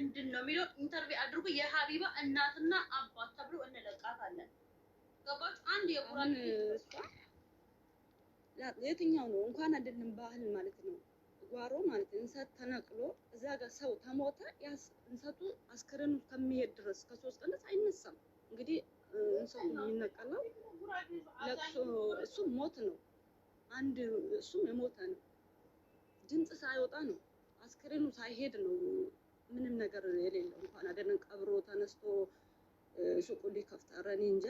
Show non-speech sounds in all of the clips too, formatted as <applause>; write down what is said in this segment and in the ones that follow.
ምንድን ነው የሚለው ኢንተርቪው አድርጉ። የሀቢባ እናትና አባት ተብሎ እንለቃታለን። ገባች? አንድ የቁራን የትኛው ነው እንኳን አይደለም ባህል ማለት ነው ጓሮ ማለት እንሰት ተነቅሎ እዛ ጋር ሰው ተሞተ፣ እንሰቱ አስከሬኑ ከሚሄድ ድረስ ከሶስት ቀን አይነሳም። እንግዲህ እንሰቱ የሚነቀለው ለቅሶ እሱም ሞት ነው። አንድ እሱም የሞተ ነው። ድምፅ ሳይወጣ ነው አስከሬኑ ሳይሄድ ነው ምንም ነገር የሌለው እንኳን አይደለም ቀብሮ ተነስቶ ሱቁ ሊከፍት ኧረ እኔ እንጃ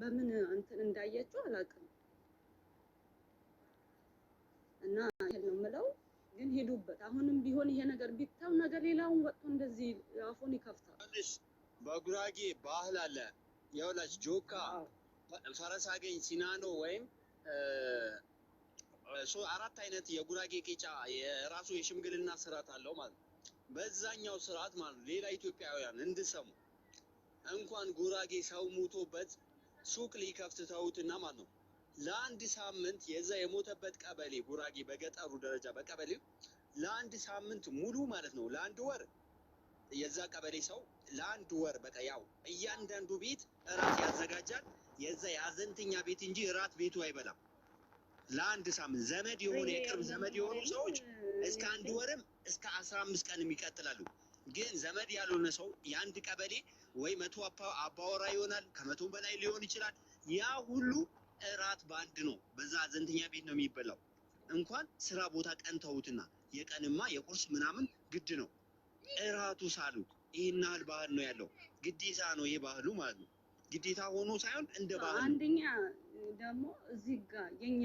በምን እንትን እንዳያቸው አላውቅም። እና ይሄን ነው የምለው። ግን ሄዱበት። አሁንም ቢሆን ይሄ ነገር ቢታው ነገር ሌላውን ወጥቶ እንደዚህ አፉን ይከፍታል። በጉራጌ ባህል አለ የውላጅ ጆካ ፈረስ አገኝ ሲናኖ ወይም አራት አይነት የጉራጌ ቂጫ የራሱ የሽምግልና ስርዓት አለው ማለት ነው። በዛኛው ስርዓት ማለት ነው። ሌላ ኢትዮጵያውያን እንድሰሙ እንኳን ጉራጌ ሰው ሙቶበት ሱቅ ሊከፍት ተውትና ማለት ነው ለአንድ ሳምንት የዛ የሞተበት ቀበሌ ጉራጌ በገጠሩ ደረጃ በቀበሌው ለአንድ ሳምንት ሙሉ ማለት ነው ለአንድ ወር የዛ ቀበሌ ሰው ለአንድ ወር በቃ ያው እያንዳንዱ ቤት እራት ያዘጋጃል። የዛ የአዘንተኛ ቤት እንጂ እራት ቤቱ አይበላም። ለአንድ ሳምንት ዘመድ የሆኑ የቅርብ ዘመድ የሆኑ ሰዎች እስከ አንድ ወርም እስከ አስራ አምስት ቀንም ይቀጥላሉ። ግን ዘመድ ያልሆነ ሰው የአንድ ቀበሌ ወይ መቶ አባወራ ይሆናል፣ ከመቶ በላይ ሊሆን ይችላል። ያ ሁሉ እራት በአንድ ነው፣ በዛ ዘንተኛ ቤት ነው የሚበላው። እንኳን ስራ ቦታ ቀን ተውትና የቀንማ የቁርስ ምናምን ግድ ነው። እራቱ ሳሉ ይህን ያህል ባህል ነው ያለው። ግዴታ ነው ይህ ባህሉ ማለት ነው። ግዴታ ሆኖ ሳይሆን እንደ ባህል ደግሞ እዚህ ጋር የኛ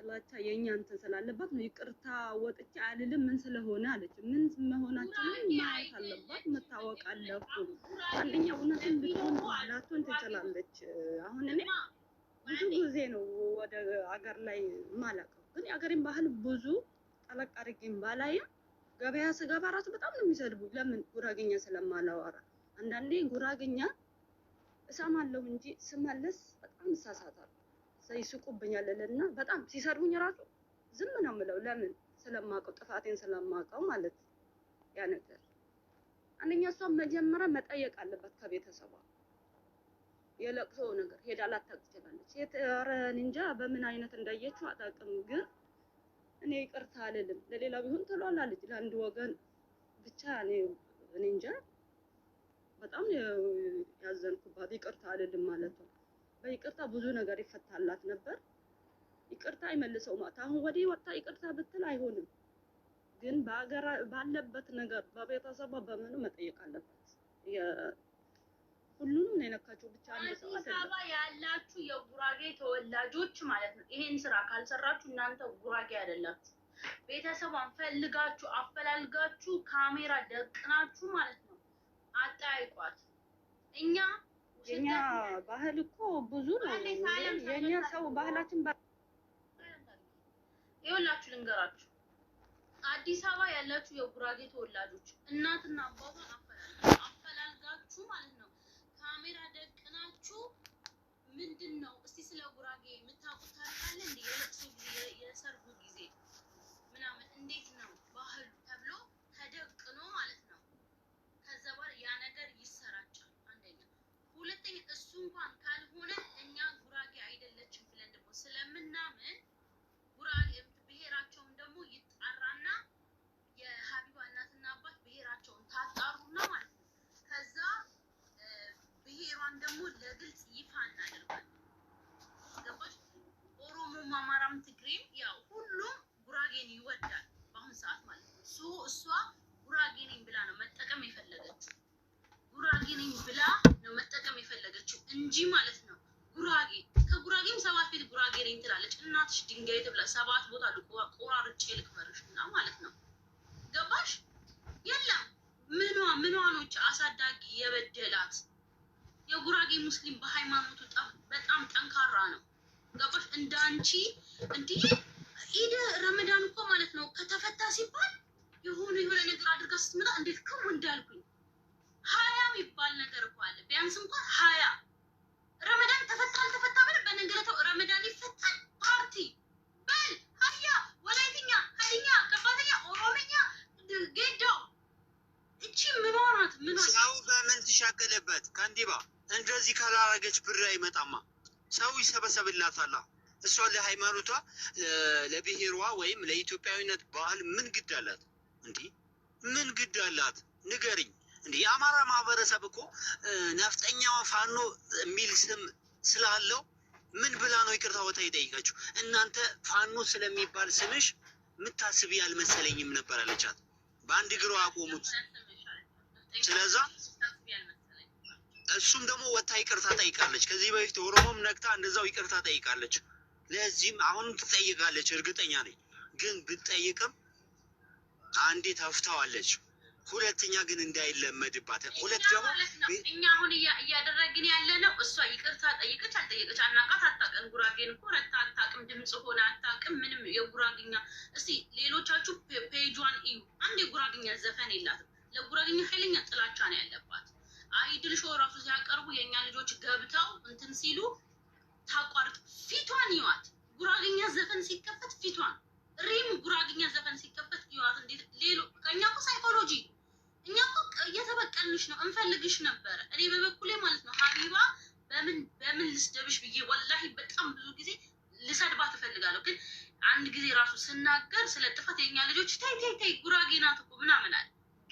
ጥላቻ የኛ እንትን ስላለባት ነው ይቅርታ ወጥቼ አልልም። ምን ስለሆነ አለች። ምን መሆናችን ማየት አለባት መታወቅ አለፉ። አንደኛ እውነትን ብትሆን ላትሆን ትችላለች። አሁን እኔ ብዙ ጊዜ ነው ወደ አገር ላይ ማላቀው ግን የአገሬን ባህል ብዙ ጠለቅ አድርጌም ባላይም ገበያ ስገባ ራሱ በጣም ነው የሚሰድቡ። ለምን ጉራግኛ ስለማላወራ አንዳንዴ ጉራግኛ እሰማለሁ እንጂ ስመለስ በጣም እሳሳታለሁ ይስቁብኛል እና በጣም ሲሰድቡኝ ራሱ ዝም ነው የምለው። ለምን ስለማውቀው ጥፋቴን ስለማውቀው ማለት ያ ነገር አንደኛ እሷ መጀመሪያ መጠየቅ አለባት ከቤተሰቧ የለቅሶ ነገር ሄዳ ላታውቅ ትችላለች። ኧረ እንጃ በምን አይነት እንዳየችው አታውቅም። ግን እኔ ይቅርታ አልልም ለሌላ ቢሆን ትሏላለች። ለአንድ ወገን ብቻ እኔ እንጃ በጣም ያዘንኩባት ይቅርታ አልልም ማለት ነው። በይቅርታ ብዙ ነገር ይፈታላት ነበር። ይቅርታ አይመልሰውም። አሁን ወዲህ ወጣ ይቅርታ ብትል አይሆንም። ግን በአገራ ባለበት ነገር በቤተሰቧ በምኑ መጠየቅ አለበት። ሁሉንም የነካቸው ብቻ አዲስ አበባ ያላችሁ የጉራጌ ተወላጆች ማለት ነው። ይሄን ስራ ካልሰራችሁ እናንተ ጉራጌ አይደላችሁ። ቤተሰቧን ፈልጋችሁ አፈላልጋችሁ ካሜራ ደቅናችሁ ማለት ነው አጠያይቋት እኛ የኛ ባህል እኮ ብዙ ነው። የኛ ሰው ባህላችን ይኸውላችሁ፣ ልንገራችሁ። አዲስ አበባ ያላችሁ የጉራጌ ተወላጆች እናትና አባቷን አፈላልጋችሁ ማለት ነው አናደርጋለን። ገባሽ? ኦሮሞም አማራም ትግሬም ያው ሁሉም ጉራጌን ይወዳል በአሁን ሰዓት ማለት ነው። እሷ ጉራጌ ነኝ ብላ ነው መጠቀም የፈለገችው። ጉራጌ ነኝ ብላ ነው መጠቀም የፈለገችው እንጂ ማለት ነው ጉራጌ ከጉራጌም ሰባት ቤት ጉራጌ ነኝ ትላለች። እናትሽ ድንጋይ ትብላ፣ ሰባት ቦታ ቆራርጬ ልክበርሽ እና ማለት ነው። ገባሽ? የለም ምኗ ምኗኖች አሳዳጊ የበደላት የጉራጌ ሙስሊም በሃይማኖቱ በጣም ጠንካራ ነው። ገባሽ? እንደ አንቺ እንዲህ ኢድ ረመዳን እኮ ማለት ነው ከተፈታ ሲባል የሆኑ የሆነ ነገር አድርጋ ስትመጣ እንዴት ክሙ እንዳልኩኝ ሀያ የሚባል ነገር እኮ አለ። ቢያንስ እንኳን ሀያ ረመዳን ተፈታ አልተፈታ ብለህ በነገረተው ረመዳን ይፈታል ፓርቲ በል ሀያ ወላይትኛ፣ ሀዲኛ፣ ከባተኛ፣ ኦሮምኛ፣ ጌዳው እቺ ምኗናት ምኖ ሰው በምን ትሻገለበት ከንዲባ እንደዚህ ካላረገች ብር አይመጣማ። ሰው ይሰበሰብላታላ። እሷ ለሃይማኖቷ፣ ለብሔሯ ወይም ለኢትዮጵያዊነት ባህል ምን ግድ አላት? እንዲህ ምን ግድ አላት? ንገርኝ እንዲህ የአማራ ማህበረሰብ እኮ ነፍጠኛ ፋኖ የሚል ስም ስላለው ምን ብላ ነው ይቅርታ ቦታ ይጠይቃችሁ? እናንተ ፋኖ ስለሚባል ስምሽ ምታስብ ያልመሰለኝም ነበር አለቻት። በአንድ እግሯ አቆሙት። ስለዛ እሱም ደግሞ ወታ ይቅርታ ጠይቃለች። ከዚህ በፊት ኦሮሞም ነግታ እንደዛው ይቅርታ ጠይቃለች። ለዚህም አሁንም ትጠይቃለች፣ እርግጠኛ ነኝ። ግን ብትጠይቅም አንዴ ታፍታዋለች። ሁለተኛ ግን እንዳይለመድባት፣ ሁለት ደግሞ እኛ አሁን እያደረግን ያለ ነው። እሷ ይቅርታ ጠይቀች አልጠየቀች አናቃት፣ አታውቅም። ጉራጌን እኮ ረታ አታውቅም፣ ድምፅ ሆነ አታውቅም። ምንም የጉራግኛ እስቲ ሌሎቻችሁ ፔጇን እዩ። አንድ የጉራግኛ ዘፈን የላትም። ለጉራግኛ ኃይለኛ ጥላቻ ነው ያለባት። አይድል ሾው ራሱ ሲያቀርቡ የእኛ ልጆች ገብተው እንትን ሲሉ ታቋርጥ ፊቷን ይዋት። ጉራግኛ ዘፈን ሲከፈት ፊቷን ሪም ጉራግኛ ዘፈን ሲከፈት ይዋት። እንዴት ሌሎ ከእኛ እኮ ሳይኮሎጂ እኛ እኮ እየተበቀልንሽ ነው፣ እንፈልግሽ ነበረ። እኔ በበኩሌ ማለት ነው ሀቢባ በምን በምን ልስደብሽ ብዬ ወላሂ በጣም ብዙ ጊዜ ልሰድባ ትፈልጋለሁ ግን አንድ ጊዜ ራሱ ስናገር ስለ ጥፋት የእኛ ልጆች ተይ ተይ ተይ ጉራጌ ናት እኮ ምናምን አለ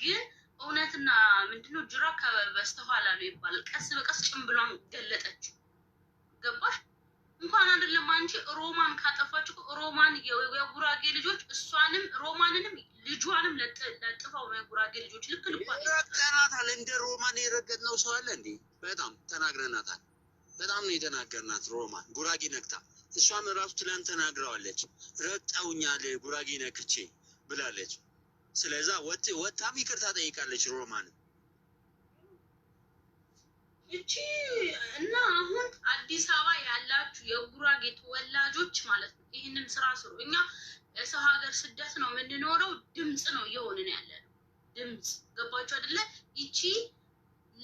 ግን እውነትና ምንድነው ጅራ ከበስተኋላ ነው ይባላል። ቀስ በቀስ ጭምብሏን ገለጠችው። ገባሽ? እንኳን አይደለም አንቺ ሮማን ካጠፋች ሮማን የጉራጌ ልጆች እሷንም ሮማንንም ልጇንም ለጥፋው ነው የጉራጌ ልጆች ልክ ልኳናታል። እንደ ሮማን የረገጥነው ሰው አለ እንዴ? በጣም ተናግረናታል። በጣም ነው የተናገርናት። ሮማን ጉራጌ ነክታ እሷም ራሱ ትላንት ተናግረዋለች። ረግጠውኛል ጉራጌ ነክቼ ብላለች። ስለዛ ወጣም ይቅርታ ጠይቃለች ሮማን እቺ እና አሁን አዲስ አበባ ያላችሁ የጉራጌ ተወላጆች ማለት ነው፣ ይህንን ስራ ስሩ። እኛ የሰው ሀገር ስደት ነው የምንኖረው፣ ድምፅ ነው እየሆንን ያለ ነው። ድምፅ ገባችሁ አይደለ? ይቺ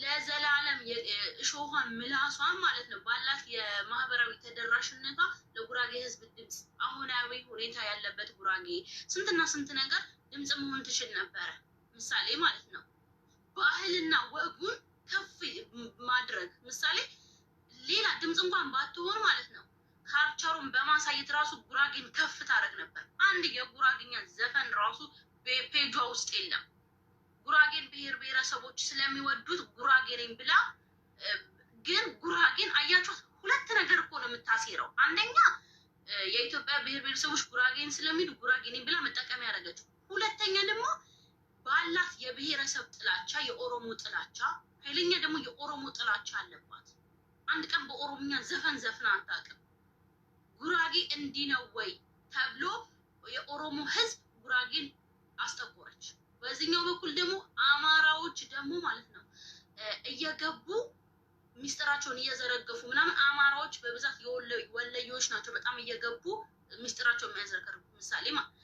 ለዘላለም እሾኋን ምላሷን ማለት ነው ባላት የማህበራዊ ተደራሽነቷ ለጉራጌ ህዝብ ድምፅ አሁናዊ ሁኔታ ያለበት ጉራጌ ስንትና ስንት ነገር ድምፅ መሆን ትችል ነበረ። ምሳሌ ማለት ነው ባህልና ወጉን ከፍ ማድረግ ምሳሌ ሌላ ድምፅ እንኳን ባትሆን ማለት ነው ካልቸሩን በማሳየት ራሱ ጉራጌን ከፍ ታደረግ ነበር። አንድ የጉራጌኛ ዘፈን ራሱ ፔጇ ውስጥ የለም። ጉራጌን ብሔር ብሔረሰቦች ስለሚወዱት ጉራጌን ብላ ግን ጉራጌን አያችሁት። ሁለት ነገር እኮ ነው የምታሴረው። አንደኛ የኢትዮጵያ ብሔር ብሔረሰቦች ጉራጌን ስለሚሄዱ ጉራጌን ብላ መጠቀም ያደረገችው ሁለተኛ ደግሞ ባላት የብሔረሰብ ጥላቻ የኦሮሞ ጥላቻ ኃይለኛ ደግሞ የኦሮሞ ጥላቻ አለባት። አንድ ቀን በኦሮምኛ ዘፈን ዘፍና አታውቅም። ጉራጌ እንዲህ ነው ወይ ተብሎ የኦሮሞ ህዝብ ጉራጌን አስተኮረች። በዚህኛው በኩል ደግሞ አማራዎች ደግሞ ማለት ነው እየገቡ ሚስጥራቸውን እየዘረገፉ ምናምን አማራዎች በብዛት ወለዮች ናቸው። በጣም እየገቡ ሚስጥራቸውን የሚያዘረገፉ ምሳሌ ማለት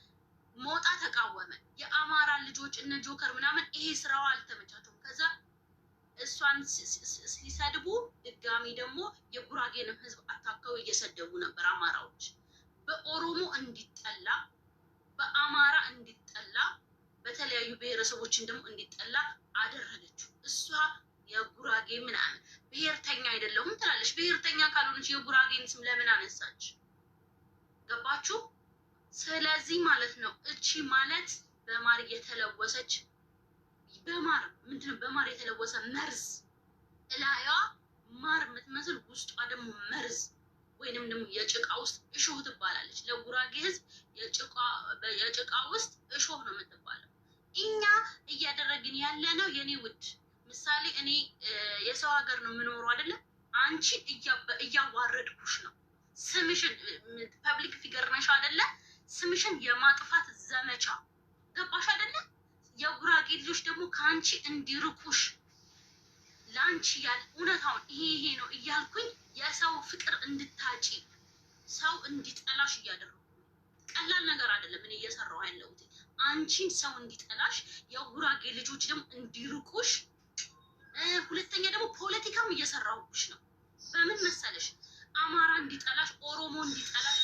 ሞጣ ተቃወመ። የአማራ ልጆች እነ ጆከር ምናምን ይሄ ስራዋ አልተመቻቸውም። ከዛ እሷን ሲሰድቡ ድጋሚ ደግሞ የጉራጌንም ህዝብ አታከው እየሰደቡ ነበር። አማራዎች በኦሮሞ እንዲጠላ፣ በአማራ እንዲጠላ፣ በተለያዩ ብሔረሰቦችን ደግሞ እንዲጠላ አደረገችው። እሷ የጉራጌ ምናምን ብሔርተኛ አይደለሁም ትላለች። ብሔርተኛ ካልሆነች የጉራጌን ስም ለምን አነሳች? ገባችሁ? ስለዚህ ማለት ነው እቺ ማለት በማር የተለወሰች በማር ምንድን ነው በማር የተለወሰ መርዝ እላያዋ ማር የምትመስል ውስጧ ደግሞ መርዝ ወይንም ደግሞ የጭቃ ውስጥ እሾህ ትባላለች። ለጉራጌ ሕዝብ የጭቃ ውስጥ እሾህ ነው የምትባለው። እኛ እያደረግን ያለ ነው የኔ ውድ ምሳሌ፣ እኔ የሰው ሀገር ነው የምኖሩ አይደለም። አንቺ እያዋረድኩሽ ነው ስምሽን ፐብሊክ ፊገር ነሽ አይደለም ስምሽን የማጥፋት ዘመቻ ገባሽ አይደለ? የጉራጌ ልጆች ደግሞ ከአንቺ እንዲርኩሽ ለአንቺ ያል እውነታውን ይሄ ይሄ ነው እያልኩኝ የሰው ፍቅር እንድታጪ ሰው እንዲጠላሽ እያደረጉ ቀላል ነገር አይደለም። እኔ እየሰራሁ ያለሁት አንቺን ሰው እንዲጠላሽ፣ የጉራጌ ልጆች ደግሞ እንዲርቁሽ። ሁለተኛ ደግሞ ፖለቲካም እየሰራሁሽ ነው። በምን መሰለሽ? አማራ እንዲጠላሽ፣ ኦሮሞ እንዲጠላሽ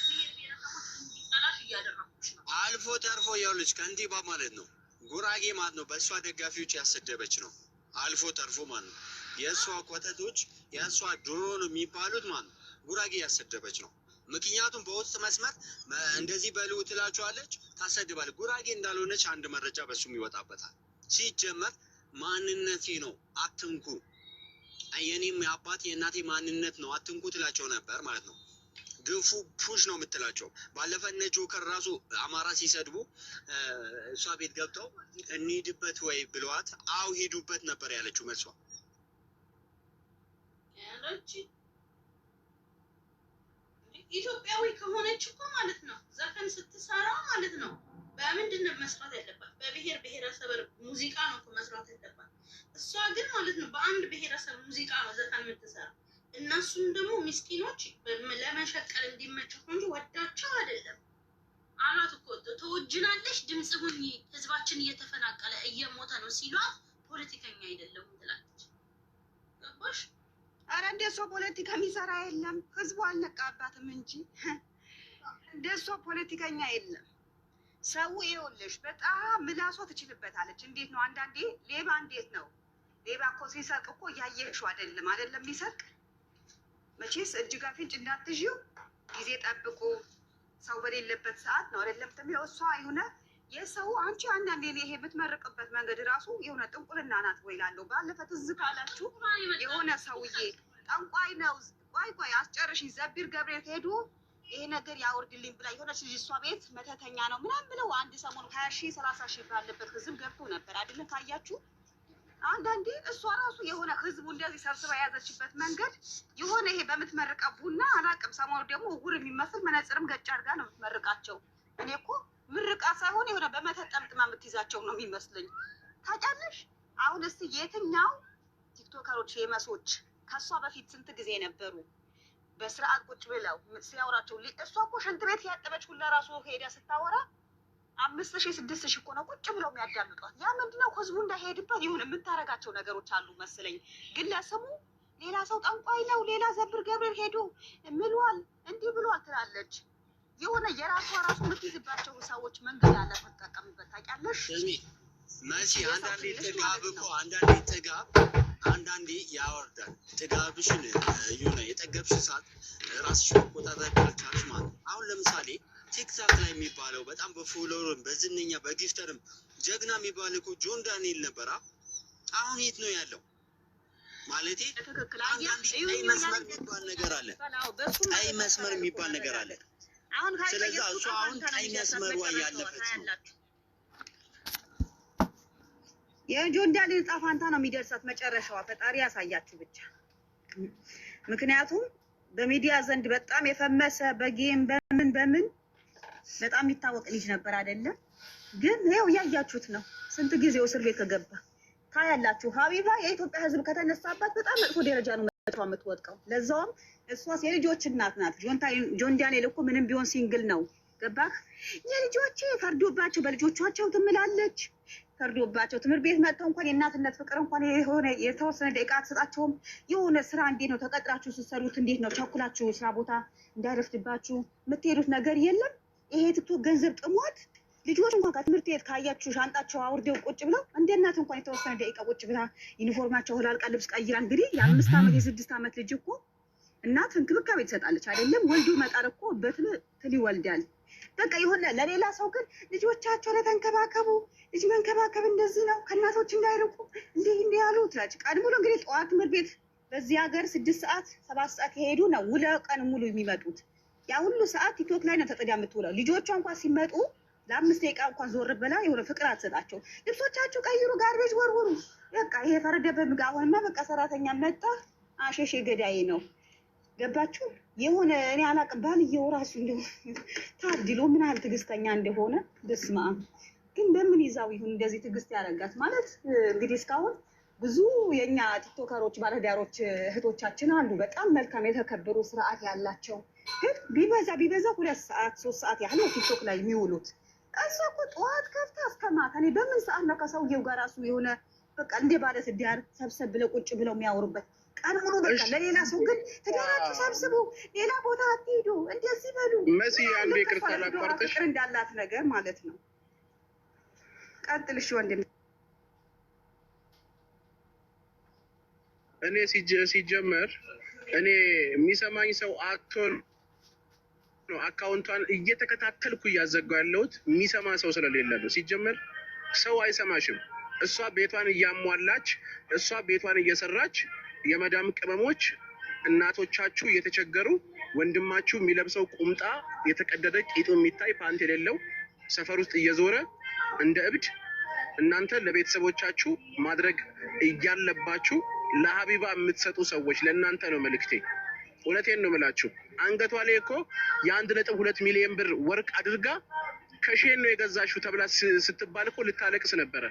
አልፎ ተርፎ የውልጅ ከንቲባ ማለት ነው ጉራጌ ማለት ነው በእሷ ደጋፊዎች ያሰደበች ነው። አልፎ ተርፎ ማለት ነው የእሷ ቆጠቶች የእሷ ድሮ ነው የሚባሉት ማለት ነው ጉራጌ ያሰደበች ነው። ምክንያቱም በውስጥ መስመር እንደዚህ በልው ትላችኋለች፣ ታሰድባለች። ጉራጌ እንዳልሆነች አንድ መረጃ በሱም ይወጣበታል። ሲጀመር ማንነቴ ነው አትንኩ፣ የኔም የአባት የእናቴ ማንነት ነው አትንኩ ትላቸው ነበር ማለት ነው ግንፉ ፑሽ ነው የምትላቸው። ባለፈ እነ ጆከር ራሱ አማራ ሲሰድቡ እሷ ቤት ገብተው እንሂድበት ወይ ብለዋት፣ አው ሂዱበት ነበር ያለችው መልሷ። ኢትዮጵያዊ ከሆነች እኮ ማለት ነው ዘፈን ስትሰራ ማለት ነው በምንድን ነው መስራት ያለባት? በብሔር ብሔረሰብ ሙዚቃ ነው መስራት ያለባት። እሷ ግን ማለት ነው በአንድ ብሔረሰብ ሙዚቃ ነው ዘፈን የምትሰራ እነሱም ደግሞ ምስኪኖች ለመሸቀል እንዲመቸው እንጂ ወዳቸው አይደለም አሏት እኮ ተወጅናለሽ፣ ድምፅ ሁኚ፣ ህዝባችን እየተፈናቀለ እየሞተ ነው ሲሏት ፖለቲከኛ አይደለም ትላለች። ገባሽ? አረ እንደሷ ፖለቲካ የሚሰራ የለም። ህዝቡ አልነቃባትም እንጂ <laughs> እንደሷ ፖለቲከኛ የለም። ሰው ይኸውልሽ፣ በጣም ምላሷ ትችልበታለች። እንዴት ነው አንዳንዴ ሌባ እንዴት ነው ሌባ እኮ ሲሰርቅ እኮ እያየሽው አይደለም አይደለም የሚሰርቅ መቼስ እጅጋ ፍንጭ እንዳትዥው ጊዜ ጠብቁ። ሰው በሌለበት ሰዓት ነው አይደለም ትምህው እሷ የሆነ የሰው አንቺ አንዳንዴ ይሄ የምትመርቅበት መንገድ ራሱ የሆነ ጥንቁልና ናት ወይ ላለው ባለፈ ትዝ ካላችሁ የሆነ ሰውዬ ጠንቋይ ነው። ቆይ ቆይ አስጨርሽ ዘቢር ገብርኤል ሄዱ ይሄ ነገር ያወርድልኝ ብላ የሆነች ልጅ እሷ ቤት መተተኛ ነው ምናምን ብለው አንድ ሰሞን ሀያ ሺህ ሰላሳ ሺህ ባለበት ህዝብ ገብቶ ነበር አይደለም ካያችሁ አንዳንዴ እሷ ራሱ የሆነ ህዝቡ እንደዚህ ሰብስባ የያዘችበት መንገድ የሆነ ይሄ በምትመርቀው ቡና አላቅም። ሰሞኑ ደግሞ ውር የሚመስል መነጽርም ገጭ አድርጋ ነው የምትመርቃቸው። እኔ እኮ ምርቃ ሳይሆን የሆነ በመተት ጠምጥማ የምትይዛቸው ነው የሚመስለኝ። ታውቂያለሽ፣ አሁን እስቲ የትኛው ቲክቶከሮች የመሶች ከእሷ በፊት ስንት ጊዜ ነበሩ በስርዓት ቁጭ ብለው ሲያወራቸው? እሷ እኮ ሽንት ቤት ያጠበች ሁላ ራሱ ሄዳ ስታወራ አምስት ሺህ ስድስት ሺህ እኮ ነው ቁጭ ብለው የሚያዳምጧት። ያ ምንድነው ህዝቡ እንዳይሄድበት ይሁን የምታረጋቸው ነገሮች አሉ መሰለኝ። ግለሰቡ ሌላ ሰው ጠንቋይ ነው፣ ሌላ ዘብር ገብር ሄዶ ምሏል፣ እንዲህ ብሏል ትላለች። የሆነ የራሷ ራሱ የምትይዝባቸው ሰዎች መንገድ አለ ትጠቀምበት። ታውቂያለሽ መሲ፣ አንዳንዴ ጥጋብ እኮ አንዳንዴ ጥጋብ አንዳንዴ ያወርዳል። ጥጋብሽን የሆነ የጠገብሽ ሰዓት ራስሽን መቆጣጠር ካልቻልሽ ማለት አሁን ለምሳሌ ቲክታክ ላይ የሚባለው በጣም በፎሎወርም በዝነኛ በጊፍተርም ጀግና የሚባል እኮ ጆን ዳንኤል ነበር። አሁን የት ነው ያለው? ማለት ቀይ መስመር የሚባል ነገር አለ። ቀይ መስመር የሚባል ነገር አለ። ስለዛ እሱ አሁን ቀይ መስመር ዋ ያለበት ነው። የጆን ዳንኤል ጣፋንታ ነው የሚደርሳት መጨረሻዋ። ፈጣሪ ያሳያችሁ ብቻ። ምክንያቱም በሚዲያ ዘንድ በጣም የፈመሰ በጌም በምን በምን በጣም የሚታወቅ ልጅ ነበር አይደለም። ግን ይኸው እያያችሁት ነው። ስንት ጊዜው እስር ቤት ከገባ ታያላችሁ። ሀቢባ የኢትዮጵያ ሕዝብ ከተነሳባት በጣም መጥፎ ደረጃ ነው የምትወድቀው። ለዛውም እሷስ የልጆች እናት ናት። ጆን ዳንኤል እኮ ምንም ቢሆን ሲንግል ነው። ገባህ? የልጆች ፈርዶባቸው በልጆቻቸው ትምላለች። ፈርዶባቸው ትምህርት ቤት መጥተው እንኳን የእናትነት ፍቅር እንኳን የሆነ የተወሰነ ደቂቃ ትሰጣቸውም። የሆነ ስራ እንዴት ነው ተቀጥራችሁ ስትሰሩት? እንዴት ነው ቸኩላችሁ ስራ ቦታ እንዳይረፍድባችሁ የምትሄዱት ነገር የለም ይሄ ትቶ ገንዘብ ጥሟት ልጆች እንኳን ከትምህርት ቤት ካያችሁ ሻንጣቸው አውርደው ቁጭ ብለው እንደ እናት እንኳን የተወሰነ ደቂቃ ቁጭ ብላ ዩኒፎርማቸው ሆላልቃ ልብስ ቀይራ እንግዲህ የአምስት ዓመት የስድስት ዓመት ልጅ እኮ እናት እንክብካቤ ትሰጣለች አይደለም። ወልዶ መጣር እኮ በትል ይወልዳል። በቃ የሆነ ለሌላ ሰው ግን ልጆቻቸው ለተንከባከቡ ልጅ መንከባከብ እንደዚህ ነው፣ ከእናቶች እንዳይርቁ እንዲህ እንዲህ ያሉ ትላጭ ቀድሞ እንግዲህ ጠዋት ትምህርት ቤት በዚህ ሀገር ስድስት ሰዓት ሰባት ሰዓት የሄዱ ነው ውለ ቀን ሙሉ የሚመጡት ያ ሁሉ ሰዓት ቲክቶክ ላይ ነው ተጠዳ የምትውለው። ልጆቿ እንኳን ሲመጡ ለአምስት ደቂቃ እንኳን ዞር ብላ የሆነ ፍቅር አትሰጣቸው። ልብሶቻችሁ ቀይሩ፣ ጋርቤጅ ወርውሩ። በቃ ይሄ ፈረደበት ምግብ። አሁንማ በቃ ሰራተኛ መጣ አሸሼ ገዳይ ነው። ገባችሁ? የሆነ እኔ አላቅም። ባልየው ራሱ እንደ ታድሎ ምን ያህል ትዕግስተኛ እንደሆነ በስመ ግን በምን ይዛው ይሁን እንደዚህ ትዕግስት ያደረጋት ማለት እንግዲህ እስካሁን ብዙ የእኛ ቲክቶከሮች ባለዳሮች እህቶቻችን አሉ፣ በጣም መልካም የተከበሩ ስርዓት ያላቸው ግን ቢበዛ ቢበዛ ሁለት ሰዓት ሶስት ሰዓት ያህል ቲክቶክ ላይ የሚውሉት እሷ እኮ ጠዋት ከፍታ እስከ ማታ እኔ በምን ሰዓት ነው ከሰውየው ጋር እሱ የሆነ በቃ እንደ ባለ ትዳር ሰብሰብ ብለው ቁጭ ብለው የሚያወሩበት ቀን ሙሉ በቃ ለሌላ ሰው ግን ትዳራችሁ ሰብስቡ፣ ሌላ ቦታ አትሄዱ፣ እንደዚህ በሉ መሲ አንዱ ፍቅር እንዳላት ነገር ማለት ነው። ቀጥልሽ ወንድም እኔ ሲጀመር እኔ የሚሰማኝ ሰው አቶን ነው አካውንቷን እየተከታተልኩ እያዘጋው ያለሁት የሚሰማ ሰው ስለሌለ ነው። ሲጀመር ሰው አይሰማሽም። እሷ ቤቷን እያሟላች እሷ ቤቷን እየሰራች የመዳም ቅመሞች እናቶቻችሁ እየተቸገሩ ወንድማችሁ የሚለብሰው ቁምጣ የተቀደደ ቂጡ የሚታይ ፓንት የሌለው ሰፈር ውስጥ እየዞረ እንደ እብድ እናንተ ለቤተሰቦቻችሁ ማድረግ እያለባችሁ ለሀቢባ የምትሰጡ ሰዎች ለእናንተ ነው መልእክቴ። እውነቴን ነው የምላችሁ። አንገቷ ላይ እኮ የአንድ ነጥብ ሁለት ሚሊዮን ብር ወርቅ አድርጋ ከሼን ነው የገዛችሁ ተብላ ስትባል እኮ ልታለቅስ ነበረ።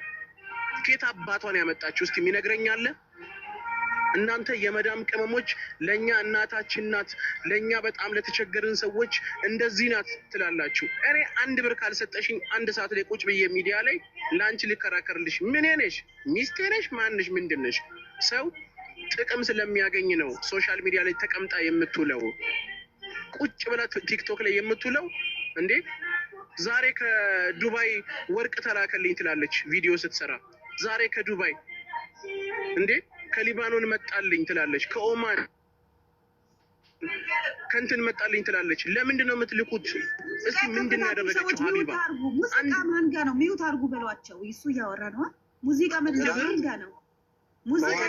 ኬት አባቷን ያመጣችሁ እስኪ የሚነግረኝ አለ? እናንተ የመዳም ቅመሞች ለእኛ እናታችን ናት፣ ለእኛ በጣም ለተቸገርን ሰዎች እንደዚህ ናት ትላላችሁ። እኔ አንድ ብር ካልሰጠሽኝ አንድ ሰዓት ላይ ቁጭ ብዬ ሚዲያ ላይ ለአንቺ ልከራከርልሽ ምን ነሽ? ሚስቴ ነሽ? ማንሽ? ምንድን ነሽ? ሰው ጥቅም ስለሚያገኝ ነው ሶሻል ሚዲያ ላይ ተቀምጣ የምትውለው። ቁጭ ብላ ቲክቶክ ላይ የምትውለው እንዴ ዛሬ ከዱባይ ወርቅ ተላከልኝ ትላለች ቪዲዮ ስትሰራ። ዛሬ ከዱባይ እንዴ ከሊባኖን መጣልኝ ትላለች። ከኦማን ከንትን መጣልኝ ትላለች። ለምንድን ነው የምትልኩት? እስኪ ምንድን ያደረገችው ሀቢባ? ሙዚቃ ማን ነው? ሚዩት አርጉ በሏቸው። እሱ እያወራ ነዋ። ሙዚቃ መድረግ ማንጋ ነው? ሙዚቃ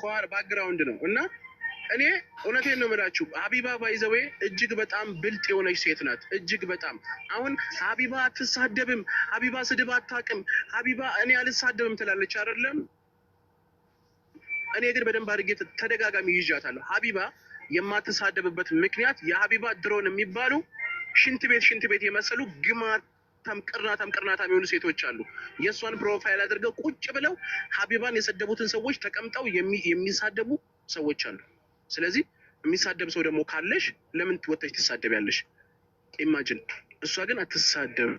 ከኋላ ባክግራውንድ ነው እና እኔ እውነቴን ነው የምላችሁ ሀቢባ ባይዘዌ እጅግ በጣም ብልጥ የሆነች ሴት ናት። እጅግ በጣም አሁን ሀቢባ አትሳደብም፣ ሀቢባ ስድብ አታውቅም፣ ሀቢባ እኔ አልሳደብም ትላለች አይደለም። እኔ ግን በደንብ አድርጌ ተደጋጋሚ ይዣታለሁ። ሀቢባ የማትሳደብበት ምክንያት የሀቢባ ድሮን የሚባሉ ሽንት ቤት ሽንት ቤት የመሰሉ ግማት ቅርናታም ቅርናታም ቅርናታም የሆኑ ሴቶች አሉ። የእሷን ፕሮፋይል አድርገው ቁጭ ብለው ሀቢባን የሰደቡትን ሰዎች ተቀምጠው የሚሳደቡ ሰዎች አሉ። ስለዚህ የሚሳደብ ሰው ደግሞ ካለሽ ለምን ወተሽ ትሳደቢያለሽ? ኢማጅን እሷ ግን አትሳደብ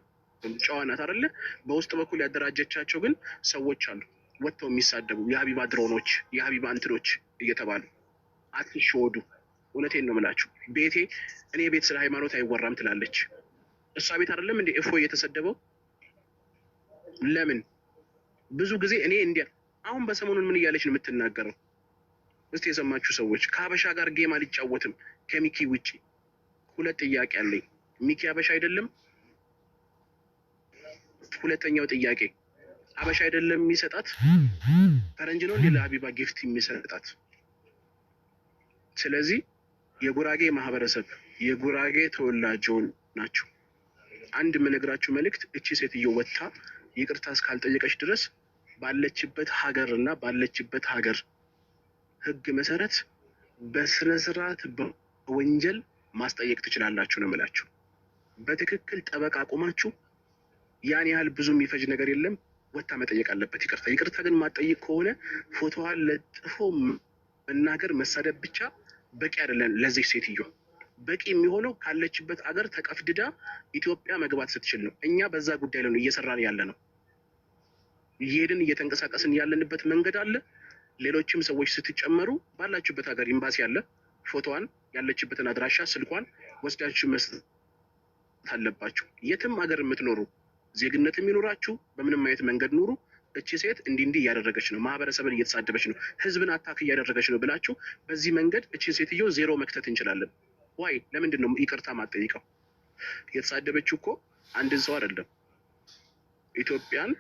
ጨዋ ናት አይደለ? በውስጥ በኩል ያደራጀቻቸው ግን ሰዎች አሉ ወጥተው የሚሳደቡ የሀቢባ ድሮኖች፣ የሀቢባ እንትኖች እየተባሉ አትሸወዱ። እውነቴን ነው የምላችሁ። ቤቴ እኔ ቤት ስለ ሃይማኖት አይወራም ትላለች። እሷ ቤት አይደለም እንዲ እፎ እየተሰደበው ለምን ብዙ ጊዜ እኔ እንዲ አሁን በሰሞኑን ምን እያለች ነው የምትናገረው? እስቲ የሰማችሁ ሰዎች ከሀበሻ ጋር ጌም አልጫወትም ከሚኪ ውጭ። ሁለት ጥያቄ አለኝ። ሚኪ ሀበሻ አይደለም? ሁለተኛው ጥያቄ ሀበሻ አይደለም የሚሰጣት ፈረንጅ ነው እንዴ ለሀቢባ ጊፍት የሚሰጣት? ስለዚህ የጉራጌ ማህበረሰብ የጉራጌ ተወላጅ ናቸው። አንድ የምነግራችሁ መልእክት እቺ ሴትዮ ወጥታ ይቅርታ እስካልጠየቀች ድረስ ባለችበት ሀገር እና ባለችበት ሀገር ህግ መሰረት በስነስርዓት በወንጀል ማስጠየቅ ትችላላችሁ ነው የምላችሁ። በትክክል ጠበቃ አቁማችሁ ያን ያህል ብዙ የሚፈጅ ነገር የለም። ወታ መጠየቅ አለበት ይቅርታ። ይቅርታ ግን ማጠይቅ ከሆነ ፎቶዋን ለጥፎ መናገር መሳደብ ብቻ በቂ አይደለም ለዚህ ሴትዮ። በቂ የሚሆነው ካለችበት አገር ተቀፍድዳ ኢትዮጵያ መግባት ስትችል ነው። እኛ በዛ ጉዳይ ላይ ነው እየሰራን ያለ ነው። እየሄድን እየተንቀሳቀስን ያለንበት መንገድ አለ። ሌሎችም ሰዎች ስትጨመሩ ባላችሁበት ሀገር ኤምባሲ አለ። ፎቶዋን፣ ያለችበትን አድራሻ፣ ስልኳን ወስዳችሁ መስጠት አለባችሁ። የትም ሀገር የምትኖሩ ዜግነት የሚኖራችሁ በምንም አይነት መንገድ ኑሩ። እቺ ሴት እንዲህ እንዲህ እያደረገች ነው፣ ማህበረሰብን እየተሳደበች ነው፣ ህዝብን አታክ እያደረገች ነው ብላችሁ በዚህ መንገድ እቺ ሴትዮ ዜሮ መክተት እንችላለን። ዋይ ለምንድን ነው ይቅርታ ማጠይቀው? የተሳደበችው እኮ አንድን ሰው አይደለም። ኢትዮጵያን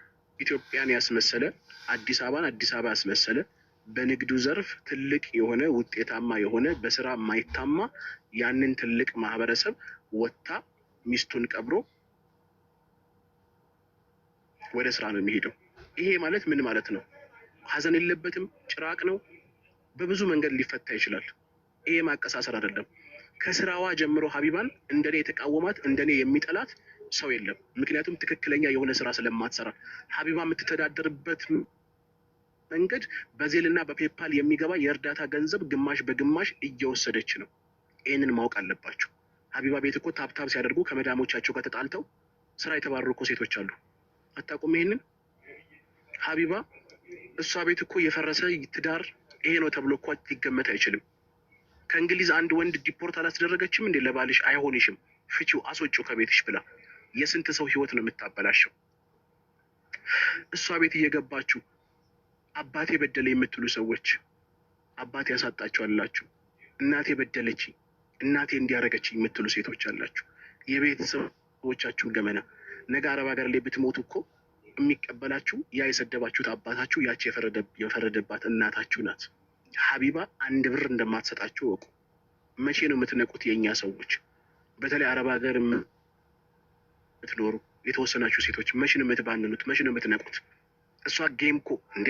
ኢትዮጵያን ያስመሰለ አዲስ አበባን አዲስ አበባ ያስመሰለ በንግዱ ዘርፍ ትልቅ የሆነ ውጤታማ የሆነ በስራ የማይታማ ያንን ትልቅ ማህበረሰብ ወጥታ ሚስቱን ቀብሮ ወደ ስራ ነው የሚሄደው። ይሄ ማለት ምን ማለት ነው? ሀዘን የለበትም፣ ጭራቅ ነው። በብዙ መንገድ ሊፈታ ይችላል። ይሄ ማቀሳሰር አይደለም። ከስራዋ ጀምሮ ሀቢባን እንደኔ የተቃወማት እንደኔ የሚጠላት ሰው የለም። ምክንያቱም ትክክለኛ የሆነ ስራ ስለማትሰራ ሀቢባ የምትተዳደርበት መንገድ በዜልና በፔፓል የሚገባ የእርዳታ ገንዘብ ግማሽ በግማሽ እየወሰደች ነው። ይህንን ማወቅ አለባቸው። ሀቢባ ቤት እኮ ታብታብ ሲያደርጉ ከመዳሞቻቸው ጋር ተጣልተው ስራ የተባረሩ እኮ ሴቶች አሉ። አታውቁም? ይህንን ሀቢባ እሷ ቤት እኮ የፈረሰ ትዳር ይሄ ነው ተብሎ እኮ ሊገመት አይችልም። ከእንግሊዝ አንድ ወንድ ዲፖርት አላስደረገችም እንዴ? ለባልሽ አይሆንሽም፣ ፍቺው፣ አስወጪው ከቤትሽ ብላ የስንት ሰው ህይወት ነው የምታበላሸው። እሷ ቤት እየገባችሁ አባቴ በደለ የምትሉ ሰዎች አባቴ ያሳጣችሁ አላችሁ፣ እናቴ በደለች፣ እናቴ እንዲያረገች የምትሉ ሴቶች አላችሁ። የቤተሰቦቻችሁን ገመና ነገ አረብ ሀገር ላይ ብትሞቱ እኮ የሚቀበላችሁ ያ የሰደባችሁት አባታችሁ፣ ያች የፈረደባት እናታችሁ ናት። ሀቢባ አንድ ብር እንደማትሰጣችሁ እወቁ። መቼ ነው የምትነቁት? የእኛ ሰዎች በተለይ አረብ ሀገር የምትኖሩ የተወሰናችሁ ሴቶች መቼ ነው የምትባንኑት? መቼ ነው የምትነቁት? እሷ ጌም እኮ እንዴ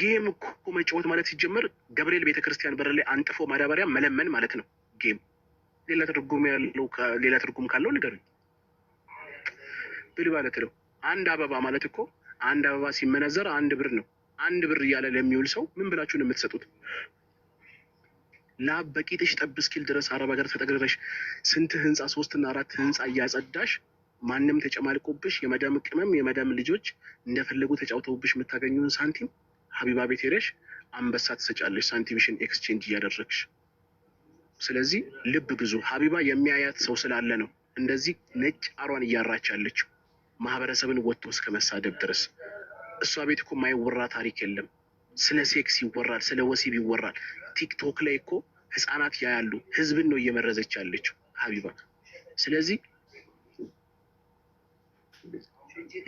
ጌም እኮ መጫወት ማለት ሲጀምር ገብርኤል ቤተክርስቲያን በር ላይ አንጥፎ ማዳበሪያ መለመን ማለት ነው ጌም። ሌላ ትርጉም ያለው ሌላ ትርጉም ካለው ንገሩኝ ብል ማለት ነው። አንድ አበባ ማለት እኮ አንድ አበባ ሲመነዘር አንድ ብር ነው። አንድ ብር እያለ ለሚውል ሰው ምን ብላችሁ ነው የምትሰጡት? ላብ በቂጥሽ ጠብ እስኪል ድረስ አረብ ሀገር ተጠግረሽ ስንት ህንፃ ሶስትና አራት ህንፃ እያጸዳሽ ማንም ተጨማልቆብሽ የመዳም ቅመም የመዳም ልጆች እንደፈለጉ ተጫውተውብሽ የምታገኙን ሳንቲም ሀቢባ ቤት ሄደሽ አንበሳ ትሰጫለሽ፣ ሳንቲምሽን ኤክስቼንጅ እያደረግሽ። ስለዚህ ልብ ግዙ። ሀቢባ የሚያያት ሰው ስላለ ነው እንደዚህ ነጭ አሯን እያራች ማህበረሰብን ወጥቶ እስከ መሳደብ ድረስ እሷ ቤት እኮ የማይወራ ታሪክ የለም። ስለ ሴክስ ይወራል፣ ስለ ወሲብ ይወራል። ቲክቶክ ላይ እኮ ህፃናት ያያሉ። ህዝብን ነው እየመረዘች ያለችው ሀቢባ። ስለዚህ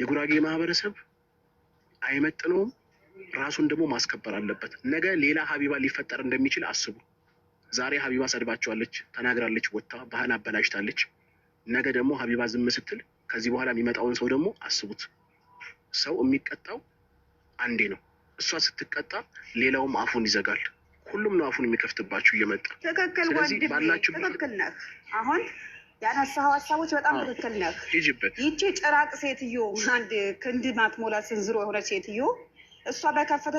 የጉራጌ ማህበረሰብ አይመጥነውም። ራሱን ደግሞ ማስከበር አለበት። ነገ ሌላ ሀቢባ ሊፈጠር እንደሚችል አስቡ። ዛሬ ሀቢባ ሰድባቸዋለች፣ ተናግራለች፣ ወጥታ ባህል አበላሽታለች። ነገ ደግሞ ሀቢባ ዝም ስትል ከዚህ በኋላ የሚመጣውን ሰው ደግሞ አስቡት። ሰው የሚቀጣው አንዴ ነው። እሷ ስትቀጣ ሌላውም አፉን ይዘጋል። ሁሉም ነው አፉን የሚከፍትባችሁ እየመጣ ትክክል። ትክክል ነህ። አሁን ያነሳኸው ሀሳቦች በጣም ትክክል ነህ። ሂጂበት። ይቺ ጭራቅ ሴትዮ፣ አንድ ክንድ ማትሞላ ስንዝሮ የሆነች ሴትዮ እሷ በከፈተ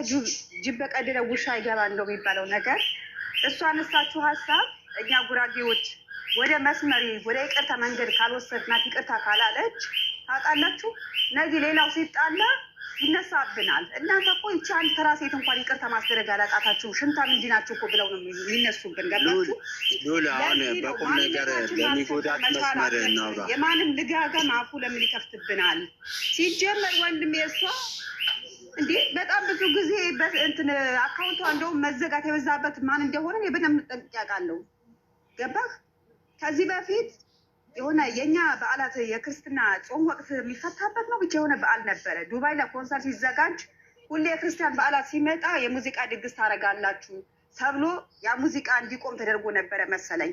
ጅብ በቀደለ ውሻ ይገባ ነው የሚባለው ነገር። እሷ አነሳችሁ ሀሳብ እኛ ጉራጌዎች ወደ መስመሪ ወደ ይቅርታ መንገድ ካልወሰድናት ይቅርታ ካላለች ታውቃላችሁ። እነዚህ ሌላው ሲጣላ ይነሳብናል። እናንተ እኮ ይቺ አንድ ተራ ሴት እንኳን ይቅርታ ማስደረግ አላቃታችሁ። ሽንታ ምንድናችሁ እኮ ብለው ነው የሚነሱብን። ገባችሁ? በቁም ነገር ለሚጎዳት መስመር እናውራ። የማንም ልጋገም አፉ ለምን ይከፍትብናል? ሲጀመር ወንድም የእሷ እንዴ በጣም ብዙ ጊዜ እንትን አካውንቷ እንደውም መዘጋት የበዛበት ማን እንደሆነ በደንብ ጠንቅቄ አውቃለሁ። ገባህ? ከዚህ በፊት የሆነ የኛ በዓላት የክርስትና ጾም ወቅት የሚፈታበት ነው። ብቻ የሆነ በዓል ነበረ ዱባይ ለኮንሰርት ሲዘጋጅ ሁሌ የክርስቲያን በዓላት ሲመጣ የሙዚቃ ድግስ ታደርጋላችሁ ተብሎ ያ ሙዚቃ እንዲቆም ተደርጎ ነበረ መሰለኝ።